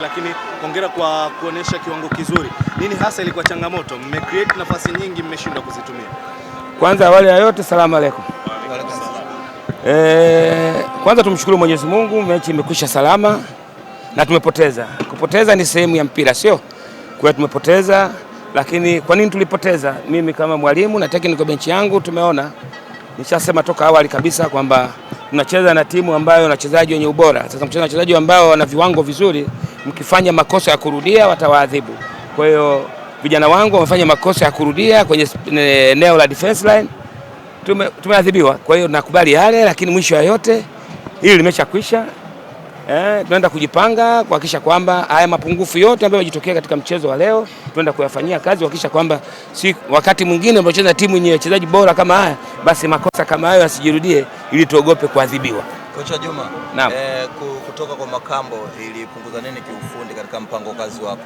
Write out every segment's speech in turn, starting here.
Lakini hongera kwa kuonesha kiwango kizuri. Nini hasa ilikuwa changamoto? create nafasi nyingi, mmeshindwa kuzitumia. Kwanza awali ya yote, salamu aleikum. E, kwanza tumshukuru Mwenyezi Mungu, mechi imekwisha salama na tumepoteza. Kupoteza ni sehemu ya mpira, sio? Kwa tumepoteza, lakini kwa nini tulipoteza? Mimi kama mwalimu na technical bench yangu tumeona, nishasema toka awali kabisa kwamba tunacheza na timu ambayo na wachezaji wenye ubora. Sasa mchezaji wachezaji ambao wana viwango vizuri mkifanya makosa ya kurudia watawaadhibu. Kwa hiyo vijana wangu wamefanya makosa ya kurudia kwenye eneo la defense line, tume tumeadhibiwa. Kwa hiyo nakubali yale, lakini mwisho ya yote hili limeshakwisha. Eh, tunaenda kujipanga kuhakikisha kwamba haya mapungufu yote ambayo yajitokea katika mchezo wa leo tunaenda kuyafanyia kazi kuhakikisha kwamba si wakati mwingine tunapocheza timu yenye wachezaji bora kama haya, basi makosa kama hayo yasijirudie ili tuogope kuadhibiwa. Kocha Juma, naam. Eh, ku kutoka kwa Makambo ilipunguza nini kiufundi katika mpango kazi wako?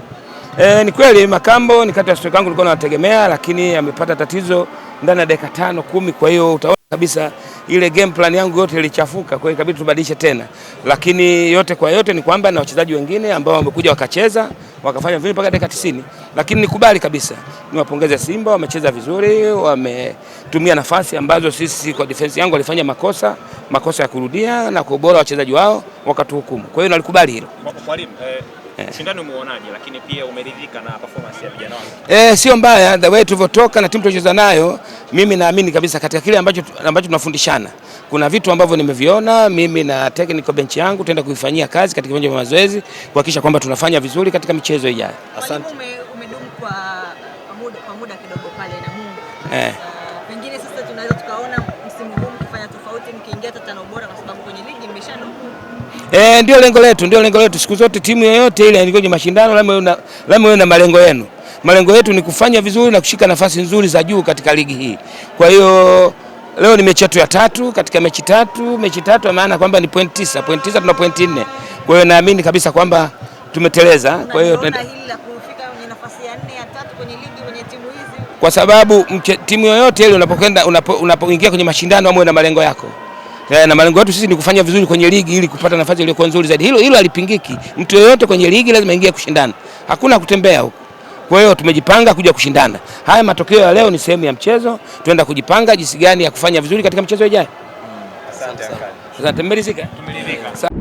E, ni kweli Makambo ni kati ya strike yangu nilikuwa nategemea, lakini amepata tatizo ndani ya dakika tano kumi. Kwa hiyo utaona kabisa ile game plan yangu yote ilichafuka, kwa hiyo ikabidi tubadilishe tena, lakini yote kwa yote ni kwamba na wachezaji wengine ambao wamekuja wakacheza wakafanya vizuri mpaka dakika 90, lakini nikubali kabisa, niwapongeze Simba, wamecheza vizuri, wametumia nafasi ambazo sisi kwa defense yangu walifanya makosa makosa ya kurudia na kwa ubora wachezaji wao wakatuhukumu. Kwa hiyo nalikubali hilo. Shindani eh, umeonaje? Eh. Lakini pia umeridhika na performance ya vijana wako? Eh, sio mbaya the way tulivyotoka na timu tuliyocheza nayo mimi naamini kabisa katika kile ambacho, ambacho tunafundishana kuna vitu ambavyo nimeviona mimi na technical bench yangu tutaenda kuifanyia kazi katika viwanja vya mazoezi kuhakikisha kwamba tunafanya vizuri katika michezo ijayo. Asante. Umedumu kwa muda, kwa muda kidogo pale na Mungu. Eh. Ah, pengine sasa tunaweza tukaona msimu huu mkifanya tofauti mkiingia hata tano bora kwa sababu kwenye ligi mmeshadumu. Eh, ndio lengo letu, ndio lengo letu. Siku zote timu yoyote ile yenye mashindano lazima iwe na malengo yenu malengo yetu ni kufanya vizuri na kushika nafasi nzuri za juu katika ligi hii. Kwa hiyo leo ni mechi yetu ya tatu katika mechi tatu, mechi tatu maana kwamba ni point tisa, point tisa tuna point nne. Kwa hiyo naamini kabisa kwamba tumeteleza. Kwa hiyo kwa sababu mche, timu yoyote ile unapokwenda unapoingia unapo, kwenye mashindano au na malengo yako eh, na malengo yetu sisi ni kufanya vizuri kwenye ligi ili kupata nafasi iliyokuwa nzuri zaidi. Hilo hilo halipingiki. Mtu yoyote kwenye ligi lazima ingie kushindana, hakuna kutembea huko. Kwa hiyo tumejipanga kuja kushindana. Haya matokeo ya leo ni sehemu ya mchezo, tuenda kujipanga jinsi gani ya kufanya vizuri katika mchezo ijayo. Asante, asante. Tumeridhika.